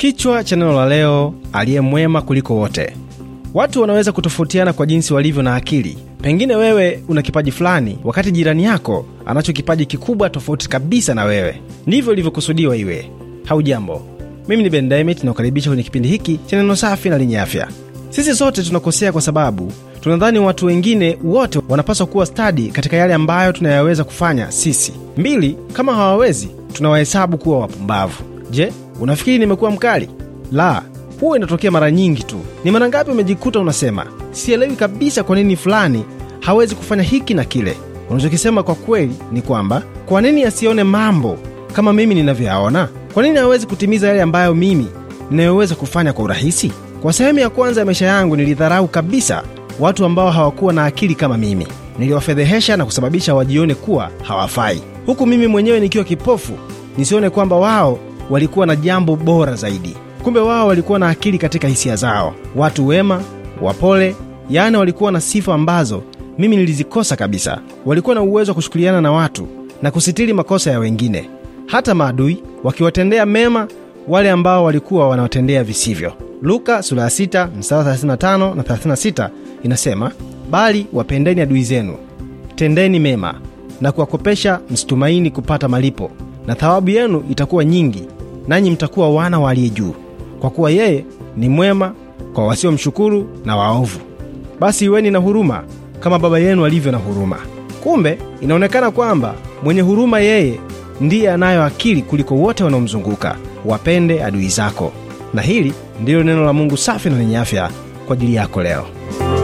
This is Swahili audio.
Kichwa cha neno la leo, aliye mwema kuliko wote. Watu wanaweza kutofautiana kwa jinsi walivyo na akili. Pengine wewe una kipaji fulani, wakati jirani yako anacho kipaji kikubwa tofauti kabisa na wewe. Ndivyo ilivyokusudiwa iwe. Haujambo, mimi ni Ben Dynamite, nakukaribisha kwenye kipindi hiki cha neno safi na lenye afya. Sisi sote tunakosea kwa sababu tunadhani watu wengine wote wanapaswa kuwa stadi katika yale ambayo tunayaweza kufanya sisi. Mbili, kama hawawezi, tunawahesabu kuwa wapumbavu. Je, Unafikiri nimekuwa mkali? La, huwa inatokea mara nyingi tu. Ni mara ngapi umejikuta unasema sielewi kabisa kwa nini fulani hawezi kufanya hiki na kile? Unachokisema kwa kweli ni kwamba kwa nini asione mambo kama mimi ninavyoyaona? Kwa nini hawezi kutimiza yale ambayo mimi ninayoweza kufanya kwa urahisi? Kwa sehemu ya kwanza ya maisha yangu nilidharau kabisa watu ambao hawakuwa na akili kama mimi. Niliwafedhehesha na kusababisha wajione kuwa hawafai, huku mimi mwenyewe nikiwa kipofu nisione kwamba wao walikuwa na jambo bora zaidi. Kumbe wao walikuwa na akili katika hisia zao, watu wema, wapole, yaani walikuwa na sifa ambazo mimi nilizikosa kabisa. Walikuwa na uwezo wa kushukuliana na watu na kusitiri makosa ya wengine, hata maadui wakiwatendea mema wale ambao walikuwa wanawatendea visivyo. Luka sura ya 6 mstari 35 na 36 inasema, bali wapendeni adui zenu, tendeni mema na kuwakopesha, msitumaini kupata malipo, na thawabu yenu itakuwa nyingi nanyi mtakuwa wana wa aliye juu, kwa kuwa yeye ni mwema kwa wasiomshukuru na waovu. Basi iweni na huruma kama Baba yenu alivyo na huruma. Kumbe inaonekana kwamba mwenye huruma yeye ndiye anayo akili kuliko wote wanaomzunguka. Wapende adui zako, na hili ndilo neno la Mungu safi na lenye afya kwa ajili yako leo.